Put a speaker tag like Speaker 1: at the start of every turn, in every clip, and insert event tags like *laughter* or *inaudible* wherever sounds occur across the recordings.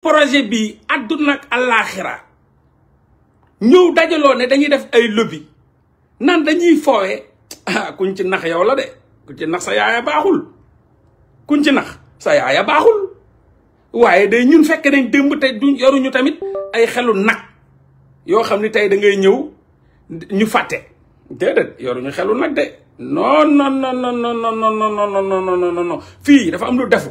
Speaker 1: projet bi àdduna ak àllaaxira ñëw dajaloo ne dañuy def ay lobby nan dañuy foowee ah kuñ ci nax yow la de kuñ ci nax sa yaaya baaxul kuñ ci nax sa yaaya baaxul waaye day ñun fekk nañ démb te du yoruñu tamit ay xelu nag yoo xam ni tey dangay ñëw ñu fàtte déedéet yoruñu xelu nag de non non non non non non fii dafa am lu defu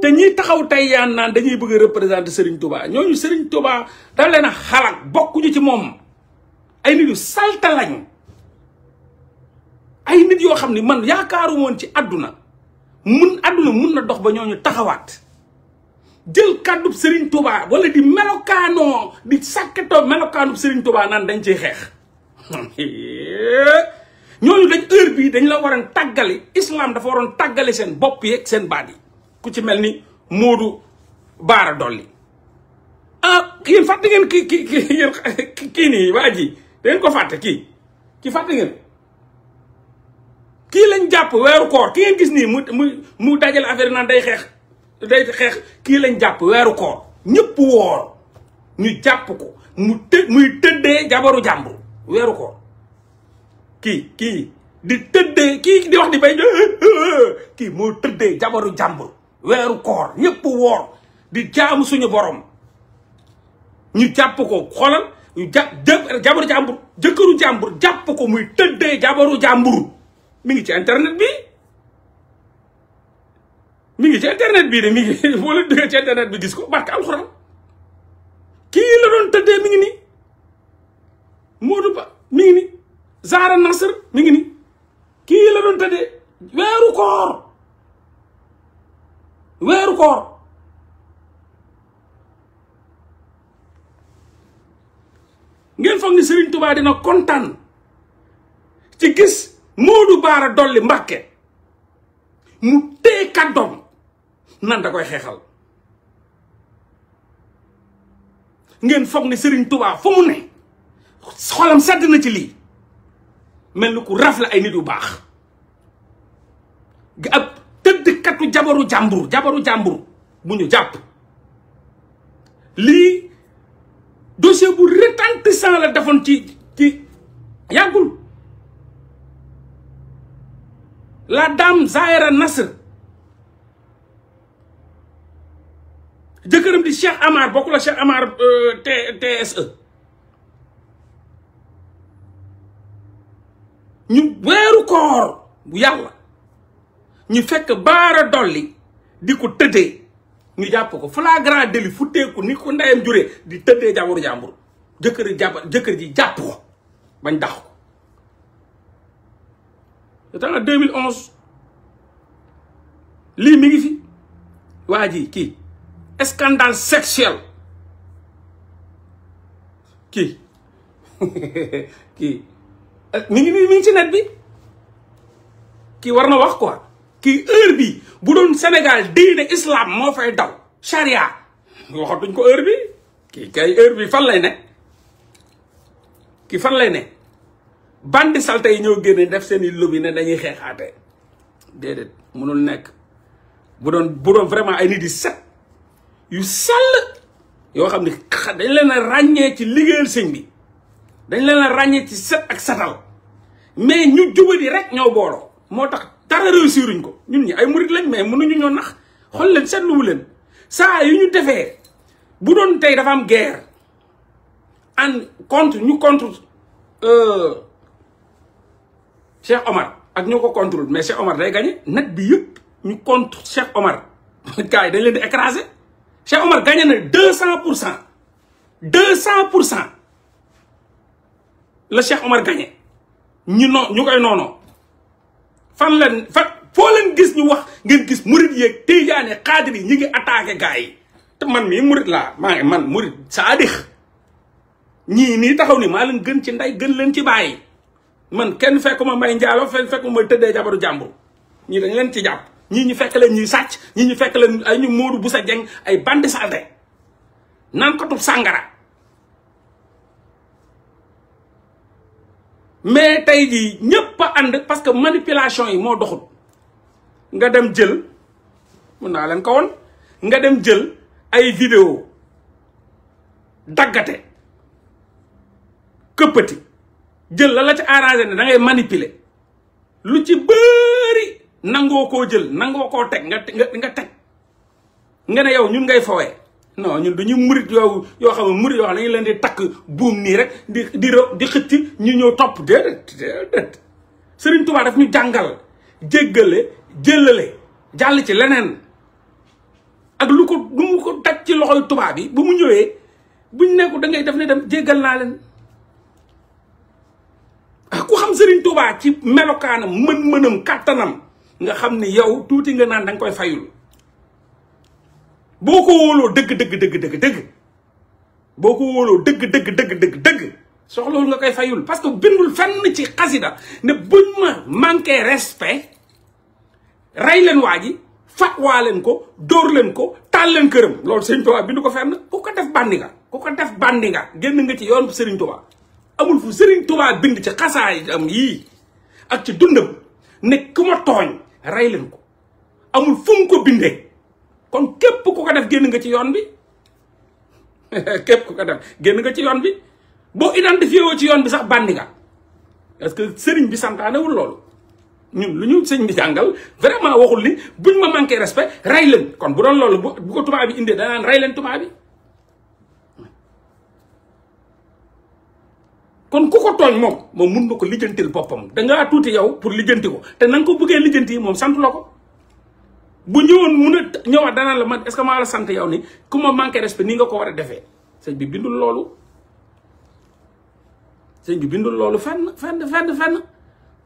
Speaker 1: té ñi taxaw tay yaan naan dañuy bëgg représenter Serigne Touba ñooñu Serigne Touba da leen xalak bokku ñu ci mom ay nit yu salta lañ ay nit yo xamni ni man yaakaaru woon ci aduna mun aduna mun na dox ba ñooñu taxawaat jël kaddu Serigne Touba wala di melokano di sakato melokano Serigne Touba naan dañ ciy xeex *laughs* ñooñu dañ heure bi dañ la waran tagali islam dafa waran tagali sen bop yi sen baat ku ci mel ni Modou Baara Dolli ah yéen fàtte ngeen ki kii nii waa ji da ngeen ko fàtte kii ki fàtte ngeen kii lañ jàpp weeru koor ki gis nii mu mu mu dajale affaire naan day xeex day xeex kii lañ jàpp weeru koor ñëpp woor ñu jàpp ko mu të muy tëddee jabaru jàmbur weeru koor kii kii di tëddee kii di wax di bay kii moo tëddee jabaru jàmbur weeru koor ñëpp woor di jaamu suñu borom ñu jàpp ko xoolal ñu jàpp jabaru jëkkëru jàmbur jàpp ko muy tëddee jabaru jàmbur mi ngi ci internet bi mi ngi ci internet bii de mi *laughs* bi gis ko barke alxuraan kii la doon tëddee mi ngi nii Modou Ba mi ngi nii Zahra Nasr mi ngi nii kii la doon tëddee weeru koor ngeen foog ni sëriñ tubaa dina kontaan ci gis Modou Baara Dolli Mbàkke mu téye kàddoom nan da koy xeexal ngeen foog ni sëriñ tubaa fu mu ne xolam sedd na ci lii mel ni ku rafle ay nit yu baax ab takkatu jabaru jàmbur jabaru jàmbur bu ñu jàpp lii dossier bu retentissant la defoon ci ci yàggul la dame Zahra Nasr jëkkëram di Cheikh Amar bokku la Cheikh euh, TSE ñu weeru koor bu yàlla ñu fekk baara dolli di ko teudé ñu japp ko flagrant délit ko ni ko ndayam juré di teudé jambour ji bañ en 2011 qui mi ngi fi scandale sexuel Qui Qui *laughs* mi ngi mi bi wax quoi ki heure bi bu doon senegal diine islam mo fay daw sharia waxatuñ ko heure bi ki kay heure bi fan lay ne ki fan lay ne bandi salte yi ñoo génne def seen lobby ne dañuy xeexaate dedet mënul nek bu doon bu doon vraiment ay nit di set yu sell yo xamni dañ leen rañé ci ligéel señ bi dañ leen rañé ci set ak satal mais ñu jubadi rek ñoo boro motax dara réussiruñ ko ñun ñi ay murit lañ mais mënuñu ñoo nax xool leen seetluwu leen saa yu ñu defee bu doon tey dafa am guerre an contre ñu contre euh, Cheikh Omar ak ñoo ko contrôle mais Cheikh Omar day gagné nag bi yëpp ñu contre Cheikh Omar *laughs* gars yi dañ leen di écrasé Cheikh Omar gagné na deux cent pour cent deux cent pour cent la Cheikh Omar gagné ñu no ñu koy noonoo fan la fa foo leen gis ñu wax ngeen gis murit yeeg tijaane xaadir yi ñi ngi attaqué gars yi te man mii murit laa maa ngi man murit saadix ñii nii taxaw ni maa leen gën ci ndey gën leen ci bàyyi man kenn fekk fekkuma may njaalo fenn fekkuma tëddee jabaru jàmbur ñii dañ leen ci jàpp ñii ñu fekk leen ñuy sàcc ñii ñu fekk leen ay ñu muur bu sa jeng ay bandi santé naan ko tub sàngara mais tey jii ñëpp a ànd parce que manipulation yi moo doxul nga dem jël mun naa leen ko woon nga dem jël ay vidéo daggate këppati jël la la ci arrangé ne da ngay manipuler lu ci bëri nangoo koo jël nangoo koo teg nga nga teg nga ne yow ñun ngay fowee non ñu dañuy murit yow yoo xam ne murit yoo xam ne leen di takk buum nii rek di di di xëcc ñu ñëw topp déedéet déedéet Sëriñ Tuubaa daf ñu jàngal jéggale jëllale jàll ci leneen ak lu ko lu mu ko daj ci loxoy tubaab bi bu mu ñëwee buñ nekku dangay ngay def ne dem jéggal naa leen ah, ku xam Sëriñ Tuubaa ci melokaanam mën-mënam kàttanam nga xam ni yow tuuti nga naan da koy fayul boo ko wóoloo dëgg dëgg dëgg dëgg boo ko wóoloo dëgg dëgg dëgg dëgg dëgg nga koy fayul parce que bindul fenn ci xasida ne buñ ma manqué respect rey leen waa ji fatwaa ko dóor leen ko taal leen këram loolu Sëriñ Tuubaa bindu ko fenn ku ko def bandi nga ku ko def bandi nga génn nga ci yoon Sëriñ Tuubaa amul fu Sëriñ Tuubaa bind ci xasaay am yii ak ci dundam ne ku ma tooñ rey leen ko amul fu ko bindee kon képp ku ko def génn nga ci yoon bi *laughs* képp ku ko def génn nga ci yoon bi boo identifié woo ci yoon bi sax bandi nga parce que sëriñ bi santaanewul loolu ñun lu ñu sëñ bi jàngal vraiment waxul ni buñ ma manqué respect rey leen kon bu doon loolu bu ko tubaab bi indee danaan rey leen tubaab bi kon ku ko tooñ moom moom mun na ko lijjantil boppam dangaa tuuti yow pour lijjanti ko te na ko bëggee lijjanti moom sant la ko bu ñëwoon mun dana ñëwaat danaan la man est ce que ma la sante yow ni ku ma manqué respect ni nga ko wara a defee sëñ bi bindul loolu sëñ bi bindul loolu fenn fenn fenn fenn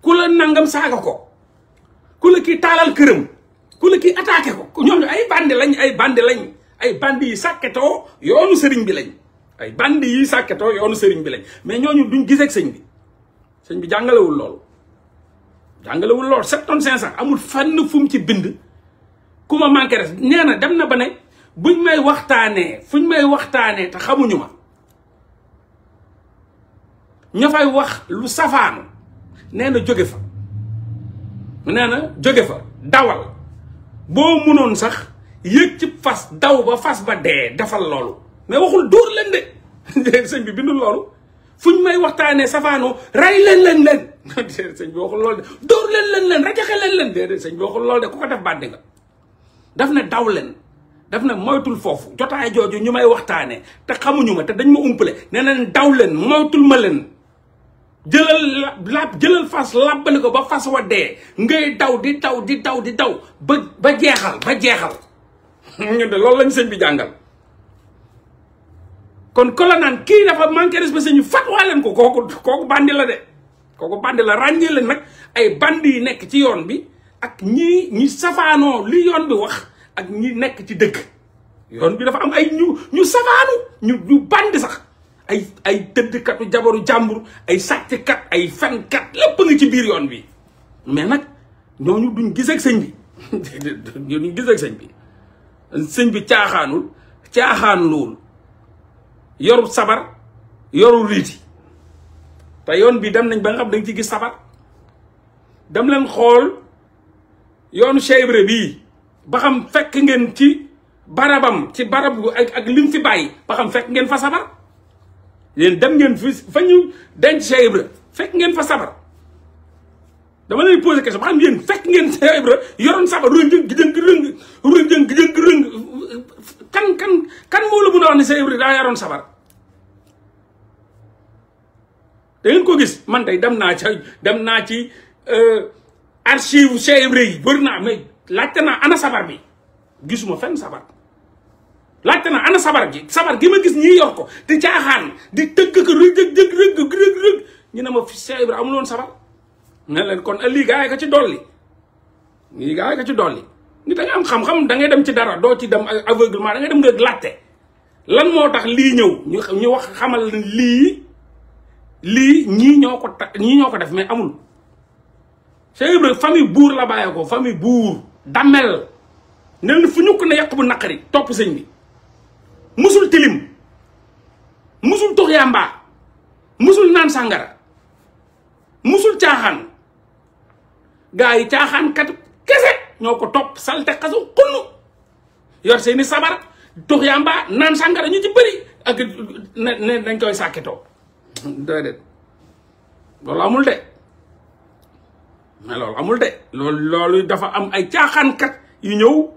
Speaker 1: ku nangam saga ko ku la kii taalal këram ku la ko ñoom ay bandi lañ ay bandi lañ ay bandi yi saketo yoonu sëriñ bi lañ ay bandi yi saketo yoonu sëriñ bi lañ mais ñooñu duñ gis ak sëñ bi sëñ bi loolu loolu 7500 amul fenn fu ci bind ku ma manqué res nee na dem na ba ne buñ may waxtaanee fuñ may waxtaanee te xamuñu ma ña fay wax lu safaanu nee na jóge fa nee na jóge fa dawal boo munoon sax yëg ci fas daw ba fas ba dee defal loolu mais waxul dóor leen de *laughs* sëñ bi bindul loolu fuñ may waxtaanee safaanoo rey leen leen leen *laughs* sëñ bi waxul loolu de dóor leen leen leen rajaxe leen leen de sëñ bi waxul loolu de ku ko def bàddi nga daf na daw leen daf na moytul foofu jotaay jooju ñu may waxtaanee te xamuñu ma te dañ ma umpale ne neen daw leen moytul ma leen jëlal la jëlal fas làbbali ko ba fas wa dee ngay daw di daw di daw di daw ba ba jeexal ba jeexal *laughs* ñu de loolu lañ sëñ bi jàngal kon ko la naan kii dafa manqué respect sëñ bi fatwaa leen ko kooku kooku bandi la de kooku bandi la ràññee leen nag ay bandi yi nekk ci yoon bi ak ñi ñi safaanoo li yoon bi wax ak ñi nekk ci dëkk yoon bi dafa am ay ñu ñu safaanu ñu ñu bandi sax ay ay tëddkatu jabaru jàmbur ay sàcckat ay fenkat lépp nga ci biir yoon bi mais nag ñooñu duñ gis ak sëñ bi *laughs* duñ gis ak sëñ bi sëñ bi caaxaanul caaxaanluwul yoru sabar yoru riiti te yoon bi dem nañ ba nga xam dañ ci gis sabar dem leen xool yoonu Cheikh bii ba xam fekk ngeen ci barabam ci barab ak ak lim fi bàyyi ba xam fekk ngeen fa sabar yéen dem ngeen fi fa ñu denc Cheikh fekk ngeen fa sabar dama lay posé question ba xam yéen fekk ngeen Cheikh Ibra yoroon sabar rëng jëng rëng rëng jëng kan kan kan moo la mën a wax ne Cheikh daa yaroon sabar da ngeen ko gis man tey dem naa ci dem naa ci. archive Cheikh Ibra yi bëri naa mais laajte naa ana sabar bi gisuma fenn sabar laajte naa ana sabar gi sabar gi ma gis ñii yor ko di jaaxaan di tëgg ko rëg rëg rëg ne ma Cheikh Ibra amuloon sabar ne leen kon lii gaa yi ko ci dolli lii gaa yi ci dolli ni da am xam-xam da dem ci dara doo ci dem aveuglement da ngay dem nga laajte lan moo tax lii ñëw ñu ñu wax xamal lii lii ñii ñoo ko ñii ñoo ko def mais amul Cheikh Ibra famille bur la bàyyee ko famille bur damel ne fu ñukk ne yakku nakari top señ bi musul tilim musul tux musul nan sangara musul tiaxan gaay tiaxan kat kese ñoko top salte xasu kunu yor seeni sabar toriamba yàmbaa naan sàngara ñu ci bari ak ne dañ koy saketo doy de amul de mais amul de loolu loolu dafa am ay kat yu ñew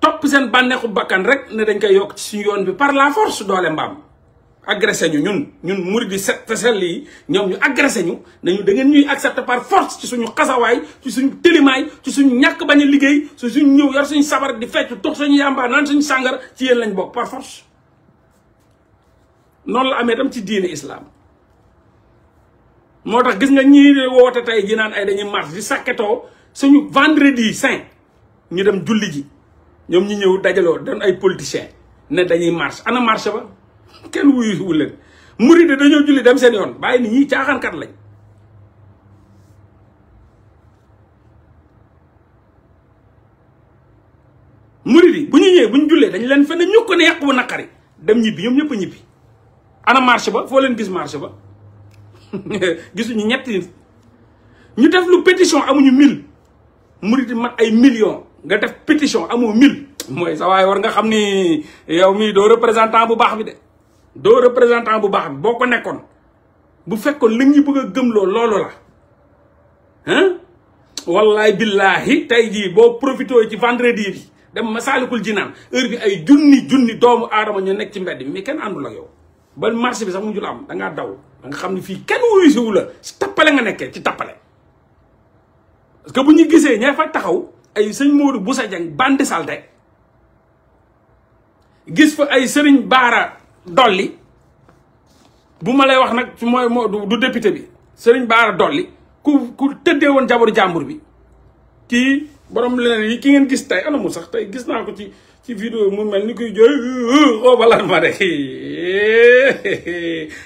Speaker 1: top sen banexu bakkan rek ne dañ koy yok ci yoon bi par la force doole mbam agresser ñu ñun ñun muri di set tassel yi ñom ñu agresser ñu nañu da ngeen ñuy accepter par force ci suñu xasawaay ci suñu telimay ci suñu ñak bañ liggey ci suñu ñew yar suñu sabar di fecc tok suñu yamba nan suñu sangar ci yeen lañ bok par force non la amé tam ci diine islam moo tax gis nga ñii woote tey ji naan ay dañuy marche di sàkketoo suñu vendredi saint ñu dem julli ji ñoom ñu ñëw dajaloo doon ay politiciens ne dañuy marche ana marche ba kenn wuyu wu leen murid dañoo julli dem seen yoon bàyyi ni ñii caaxaankat lañ murid yi bu ñu ñëwee bu ñu jullee dañu leen fenn ñu ko ne yàq bu naqari dem ñibbi ñoom ñëpp a ñibbi ana marche ba foo leen gis marche ba *laughs* ñu ñett nit ñu def lu pétition amuñu 1000 mouride mat ay millions nga def pétition amoo 1000 moy sa way war nga xamni yow mi do représentant bu baax bi de do représentant bu baax boko nekkon bu fekkon li ñi bëgg gëm lo lolo la hein wallahi billahi tay ji bo profito ci vendredi bi dem salikul jinan heure bi ay junni junni doomu adama ñu nekk ci mbedd mi kenn ak yow ba marché bi sax mu jul am da nga daw nga xam ne fii kenn wuyu si la si tappale nga nekkee ci tappale parce que bu ñu gisee ña fa taxaw ay sëñ Modou Boussa Dieng bandi salte gis fa ay sëriñ Baara Dolli bu ma lay wax nag su mooy moo du député bi sëriñ Baara Dolli ku ku tëddee woon jabaru jàmbur bi ki borom leneen yi ki ngeen gis tey anamu sax tey gis naa ko ci ci vidéo mu melni kuy joy jooy xooba oh, ma de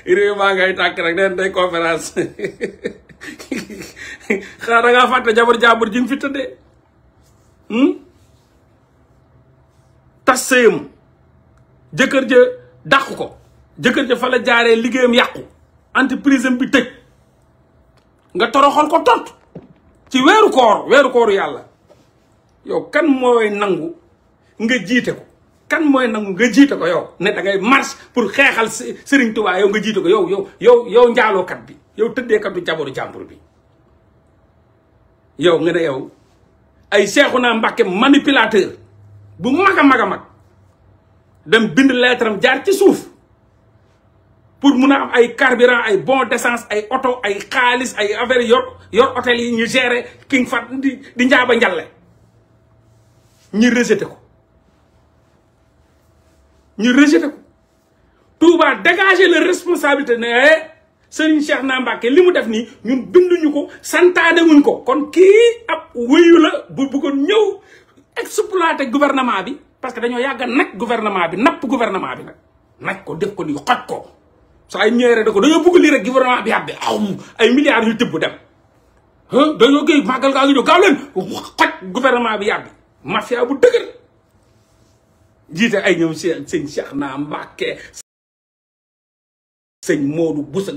Speaker 1: réew ma ngay tak rek den day conférence *laughs* xara nga ngaa fàtte jabar jaabur fi tedde hmm tassem jeuker je dakh ko jeuker je fala jare jaaree yakku entreprise bi tej nga toroxol ko tont ci wéru koor wéru koor yalla yow kan nangou nga jiite ko kan mooy nangu nga jiite ko yow ne da ngay marche pour xeexal Serigne Touba yow nga jiite ko yow yow yow yow kat bi yow tëddeekat du jaboru jàmbur bi yow nga ne yow ay Seexuna Mbàkke manipulateur bu mag a mag a mag dem bind lettre am jaar ci suuf pour mun a am ay carburant ay bon d'essence ay oto ay xaalis ay affaire yor yor hôtel yi ñu gérer ki Fahd di di njaaba njalle ñu rejeté ko Nous rejeté ko Touba dégager le responsabilité eh, Serigne Cheikh def nous ñun binduñu ko santané wuñ ko kon ab la bu gouvernement parce que dañoo nak gouvernement bi gouvernement bi nak ko def ko ni xoj ko nous ko dañoo bëgg nous rek gouvernement bi Nous aw ay milliards yu dem hein, dañoo magal ga ngi do leen gouvernement bi mafia bu jiite ay ñoom sëñ Cheikh naa Mbàkke sëñ Moodu Busa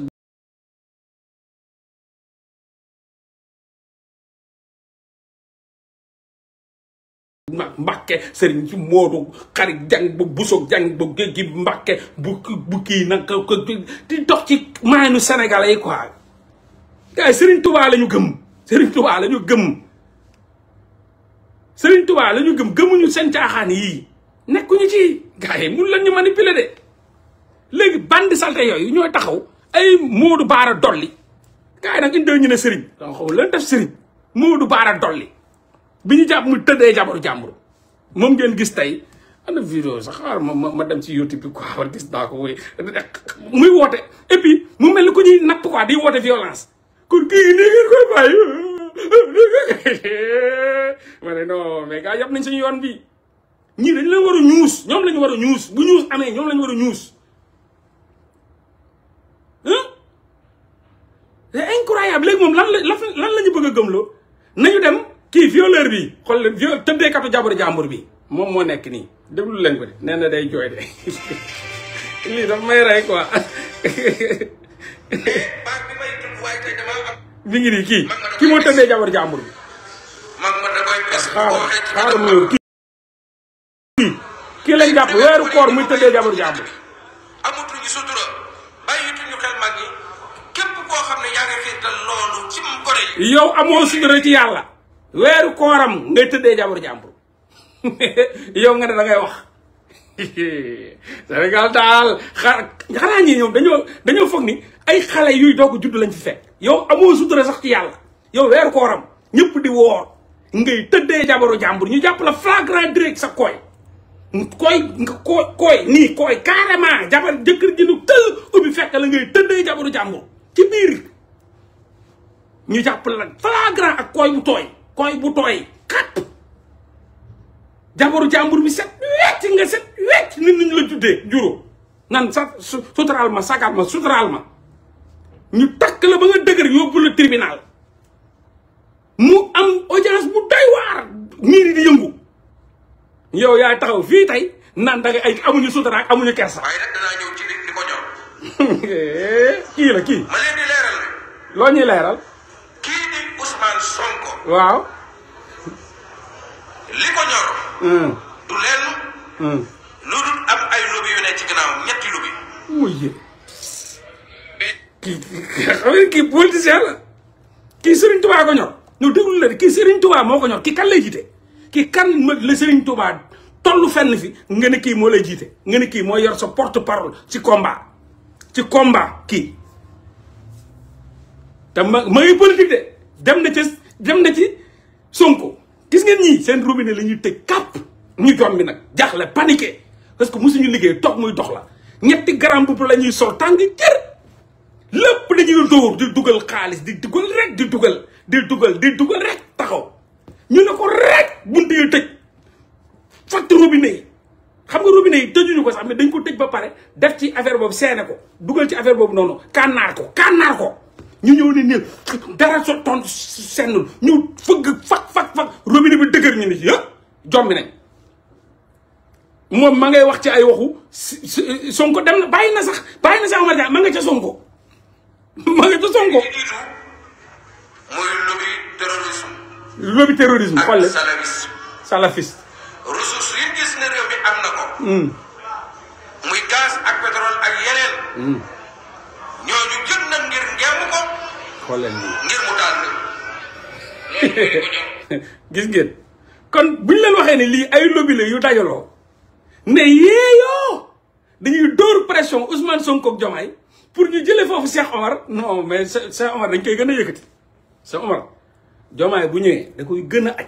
Speaker 1: Mbàkke sëriñ Moodu xarit jàng bu buso jàng bu géej Mbàkke bu bu kii nag di dox ci maanu Sénégal yi quoi gars yi sëriñ Tubaa la gëm sëriñ Tubaa la gëm sëriñ Tubaa la ñu gëm gëmuñu seen caaxaan yii nekkuñu ci gars yi mun lan ñu manipuler de léegi bandi salté yooyu ñooy taxaw ay Moodu Baara Dolli gars yi nag indee ñu ne Serigne donc xaw leen def Serigne Moodu Baara Dolli bi ñu jàpp mu tëddee jabaru jàmbur moom ngeen gis tey am na vidéo sax xaar ma ma dem ci YouTube bi quoi war gis naa muy muy woote mu mel ni ku ñuy napp quoi di woote violence kon kii nii ngeen koy bàyyi *laughs* ma ne mais gars yab nañ suñu yoon bi ñii dañ leen war a ñuus ñoom lañu war a ñuus bu ñuus amee ñoom lañu war a ñuus c'est incroyable léegi moom lan la lan la ñu bëgg a gëmloo nañu dem kii violeur bi xool leen viol tëddeekatu jabaru jàmbur bi moom moo nekk nii déglu leen ko de nee na day jooy de *laughs* lii dafa may rey quoi. *laughs* mi ngi nii kii kii moo tëddee jabaru jàmbur bi. xaaral xaaral ñuy jàpp weeru koor muy tëddee jabar jàmbur amatuñu sutura bàyyituñu xel mag képp koo xam ne yaa ngi loolu ci gore yow amoo sutura ci yàlla weeru kooram ngay tëddee jabar jàmbur *laughs* yow nga da ngay wax *laughs* Sénégal daal xar ñi ñoom dañoo dañoo foog ni ay xale yuy doog judd lañ fi fekk yow amoo sutura sax ci yàlla yow weeru kooram ñëpp di woor ngay jabaru ñu la flagrant direct sa koy koy nga koo kooy nii kooy carrément jabar jëkkër ji lu tëll ubbi fekk la ngay tëddee jabaru jàmbur ci biir ñu jàpp la flagrant ak kooy bu tooy kooy bu tooy xapp jabaru jàmbur bi set wecc nga set wecc nit ñu la juddee juróom nan sa ma sagal ma suturaal ma ñu takk la ba nga dëgër yóbbu la tribunal mu am audience bu doy waar miir di yëngu yow yaay taxaw fii tey naan da ay amuñu sutura ak amuñu kersa. waaye ko ñor. *laughs* kii la kii. ma leen di leeral. loo ñuy leeral. kii di Ousmane Sonko. waaw. li ko ñor. Hmm. du lenn. Hmm. lu am ay lobby yu ne ci ginnaaw ñetti lobby. wuy kii xam nga kii politicien la. kii Serigne Touba ko ñor ñu déglu la kii Serigne Touba moo ko ñor kii kan lay jiite. kii kan la Serigne Touba tollu fenn fi nga ne kii moo lay jiite nga ne kii moo yor sa porte parole ci combat ci combat kii. te ma ma ngi politique de dem na ci dem gis ngeen ñii seen robinet la ñuy tëj kàpp ñu jom bi nag jaaxle paniqué parce que mosuñu liggéey toog muy dox la ñetti garam bu la ñuy sol tàng jër lépp dañuy dóor di dugal xaalis di dugal rek di dugal di dugal di dugal rek. ñu ne ko rek bunt yi tëj fatt robinet yi xam nga robinet yi tëjuñu ko sax mais dañ ko tëj ba pare def ci affaire boobu seene ko dugal ci affaire boobu noonu kànnaar ko kànnaar ko ñu ñëw ne nii dara so ton sennul ñu fëgg fat fak fak robinet bi dëgër ñu ni ci yëpp jombi nañ moom ma ngay wax ci ay waxu sonko dem na bàyyi na sax bàyyi na sax Omar Dia ma nga ca sonko *laughs* ma nga ca sonko mooy lobby terrorisme xool salafiste salafiste ressource yi gis ne réew mi am na ko hmm. muy gaz ak pétrole ak yeneen hmm. ñooñu jël na ngir ngeem ko xool leen ngir mu daal *laughs* gis ngeen kon bu leen waxee ne lii ay yu dajaloo ne yeeyoo dañuy dóor pression Ousmane Sonko ak Diomaye pour ñu jële foofu Cheikh Omar non mais Cheikh Omar dañ koy gën a yëkkati Cheikh Omar jomaay bu ñëwee da koy gën a aj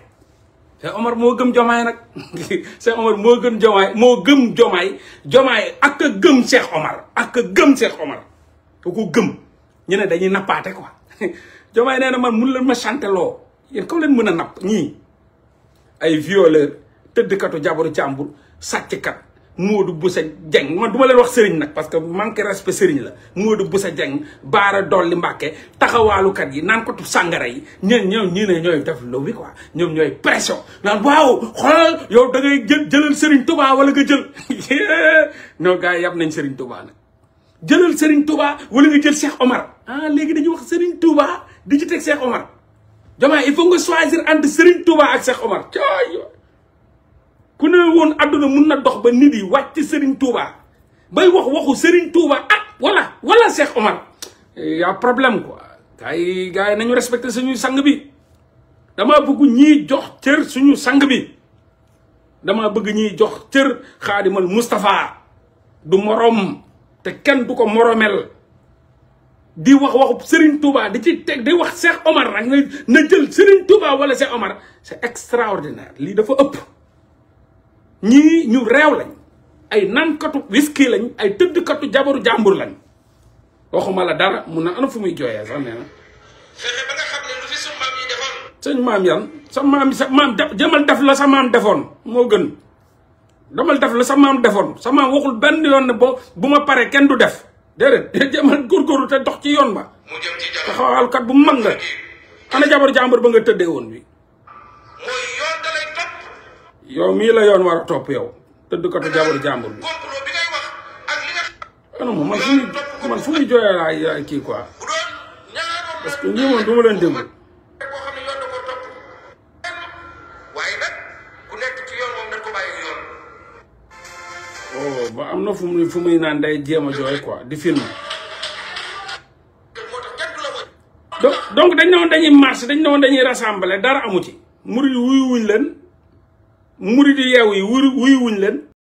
Speaker 1: Cheikh Omar moo gëm jomaay nag *laughs* Cheikh Omar moo gën jomaay moo gëm jomaay jomaay ak a gëm Cheikh Omar ak a gëm Cheikh Omar da ko gëm ñu ne dañuy nappaate ko *laughs* jomaay nee na man mun la ma chanté loo yéen kaw leen mën a napp ñii ay violeur tëddkatu jabaru càmbur sàcckat Moodu Boussa Dieng man duma ma leen wax sëriñ nag parce que manque respect sëriñ la Moodu Boussa Dieng baara dolli mbàkke taxawaalukat yi naan ko tu sàngara yi ñeen ñoom ñii ne ñooy def lobby quoi ñoom ñooy pression naan waaw xoolal yow da ngay jël jëlal sëriñ Touba wala nga jël *laughs* non gars yi yab nañ sëriñ Touba nag jëlal sëriñ Touba wala nga jël Cheikh Omar ah, léegi dañuy wax sëriñ Touba di ci teg Cheikh Omar Diomaye il faut nga choisir entre sëriñ Touba ak Cheikh Omar ku ne won aduna mën na dox ba nit yi Serigne Touba bay wax waxu Serigne Touba ah wala wala Cheikh Omar y'a problème quoi tay gaay nañu respecter suñu sang bi dama bëgg ñi jox cër suñu sang bi dama bëgg ñi jox cër khadimul mustafa du morom te kenn du ko moromel di wax wax Serigne Touba di ci tek di wax Cheikh Omar rek na jël Serigne Touba wala Cheikh Omar c'est extraordinaire li dafa ëpp ñi ñu rew lañ ay katu whisky lañ ay katu jabaru jambur lañ waxuma la dara mu na ana fu muy jooyee sax nee na ba nga xam lu fi suñ maam yi defoon sëñ maam sa maam sa maam jëmal def la sa maam defon mo gën damal def la sa maam defon sa maam waxul ben yoon bo buma paré kenn du def déedéet *laughs* jëmal goru te dox ci yoon ba mu jëm ci jabar kat bu mag nga ana jabaru jàmbur ba nga tëddee won wi yow mi la yon war a topp ko tëddkatu jabaru jàmbur bi ko moom man fu man fu muy jooyee laa quoi parce que ñii ma oh ba am fu muy fu muy naan day jéem a quoi di film donc dañ ne woon dañuy marche dañ ne dañuy rassembler dara wuyu wuñ murid yeew yi wuyu wuñ leen